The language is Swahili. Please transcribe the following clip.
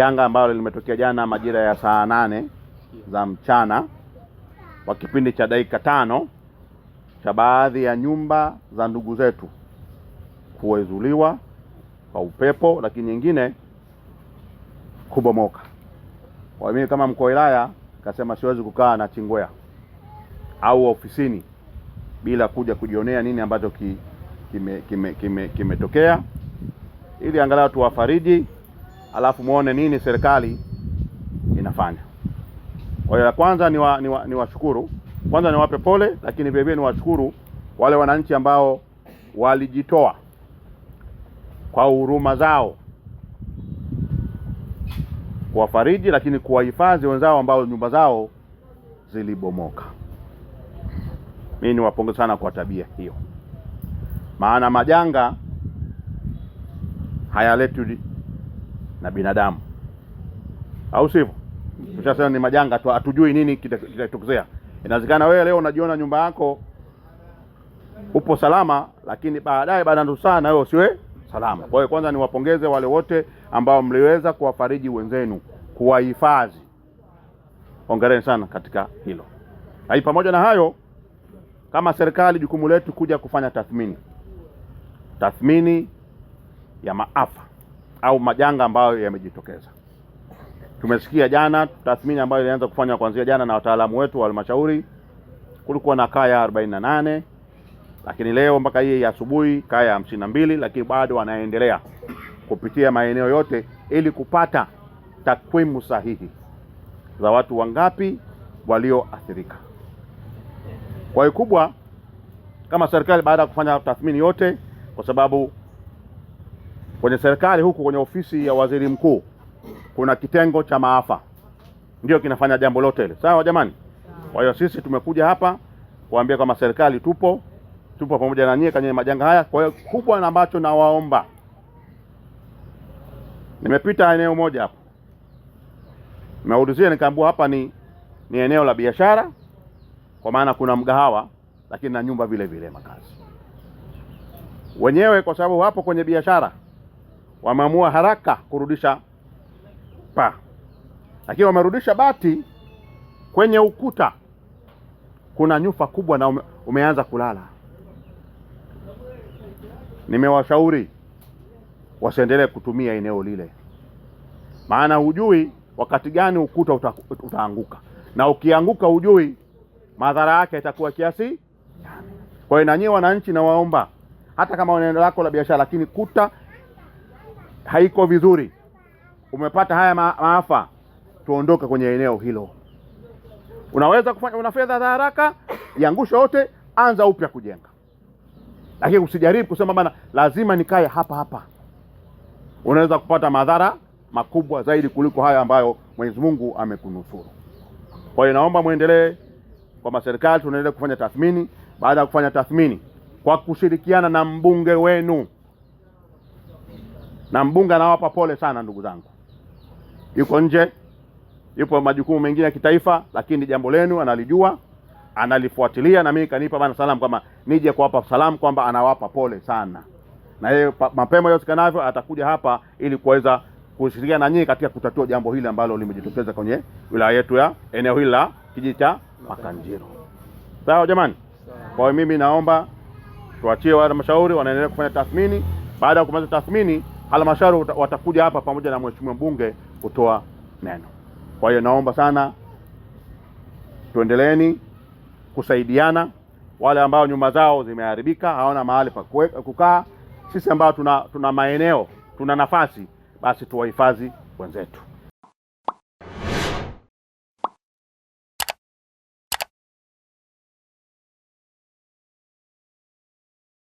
Janga ambalo limetokea jana majira ya saa nane za mchana kwa kipindi cha dakika tano cha baadhi ya nyumba za ndugu zetu kuwezuliwa kwa upepo, lakini nyingine kubomoka. Kwa mimi kama mkuu wa wilaya kasema siwezi kukaa na Chingwea au ofisini bila kuja kujionea nini ambacho kimetokea kime, kime, kime ili angalau tuwafariji alafu muone nini serikali inafanya. Kwa hiyo kwanza ni washukuru wa, wa kwanza niwape pole, lakini vilevile ni washukuru wale wananchi ambao walijitoa kwa huruma zao kuwafariji, lakini kuwahifadhi wenzao ambao nyumba zao zilibomoka. Mimi niwapongeza sana kwa tabia hiyo, maana majanga hayaleti na binadamu, au sivyo? ni majanga tu, hatujui nini kitatokezea. Inawezekana wewe leo unajiona nyumba yako upo salama, lakini baadaye baada ya sana wewe usiwe salama. Kwa hiyo kwanza niwapongeze wale wote ambao mliweza kuwafariji wenzenu, kuwahifadhi. Hongereni sana katika hilo. Hai, pamoja na hayo, kama serikali, jukumu letu kuja kufanya tathmini, tathmini ya maafa au majanga ambayo yamejitokeza. Tumesikia jana tathmini ambayo ilianza kufanywa kuanzia jana na wataalamu wetu wa halmashauri, kulikuwa na kaya 48 lakini leo mpaka hii asubuhi kaya hamsini na mbili, lakini bado wanaendelea kupitia maeneo yote ili kupata takwimu sahihi za watu wangapi walioathirika. Kwa hiyo kubwa, kama serikali, baada ya kufanya tathmini yote, kwa sababu Kwenye serikali huku kwenye ofisi ya waziri mkuu kuna kitengo cha maafa, ndio kinafanya jambo lote ile. Sawa jamani? Kwa hiyo sisi tumekuja hapa kuambia kwamba serikali tupo, tupo pamoja na nyie kwenye majanga haya. Kwa hiyo kubwa na ambacho nawaomba, nimepita eneo moja hapa nimeulizia, nikaambua hapa ni ni eneo la biashara, kwa maana kuna mgahawa lakini na nyumba vile vile makazi wenyewe, kwa sababu wapo kwenye biashara wameamua haraka kurudisha paa, lakini wamerudisha bati kwenye ukuta. Kuna nyufa kubwa na ume, umeanza kulala. Nimewashauri wasiendelee kutumia eneo lile, maana hujui wakati gani ukuta uta, utaanguka na ukianguka hujui madhara yake itakuwa kiasi. Kwa hiyo na nyie wananchi, nawaomba hata kama eneo lako la biashara, lakini kuta haiko vizuri, umepata haya maafa, tuondoke kwenye eneo hilo. Unaweza kufanya, una fedha za haraka, yangusha yote, anza upya kujenga, lakini usijaribu kusema bana, lazima nikae hapa hapa. Unaweza kupata madhara makubwa zaidi kuliko haya ambayo Mwenyezi Mungu amekunusuru. Kwa hiyo naomba mwendelee kwamba serikali tunaendelea kufanya tathmini. Baada ya kufanya tathmini kwa kushirikiana na mbunge wenu na mbunge anawapa pole sana ndugu zangu, yuko nje, yupo majukumu mengine ya kitaifa, lakini jambo lenu analijua, analifuatilia, na mimi kanipa bana salamu kama nije kuwapa salamu kwamba anawapa pole sana, na yeye mapema yosekanavyo atakuja hapa ili kuweza kushirikiana na nyinyi katika kutatua jambo hili ambalo limejitokeza kwenye wilaya yetu ya eneo hili la kijiji cha Makanjiro. Sawa jamani? Kwa hiyo mimi naomba tuachie halmashauri wanaendelea kufanya tathmini. Baada ya kumaliza tathmini, halmashauri watakuja hapa pamoja na mheshimiwa mbunge kutoa neno. Kwa hiyo naomba sana tuendeleeni kusaidiana. Wale ambao nyumba zao zimeharibika hawana mahali pa kukaa, sisi ambao tuna, tuna maeneo tuna nafasi, basi tuwahifadhi wenzetu.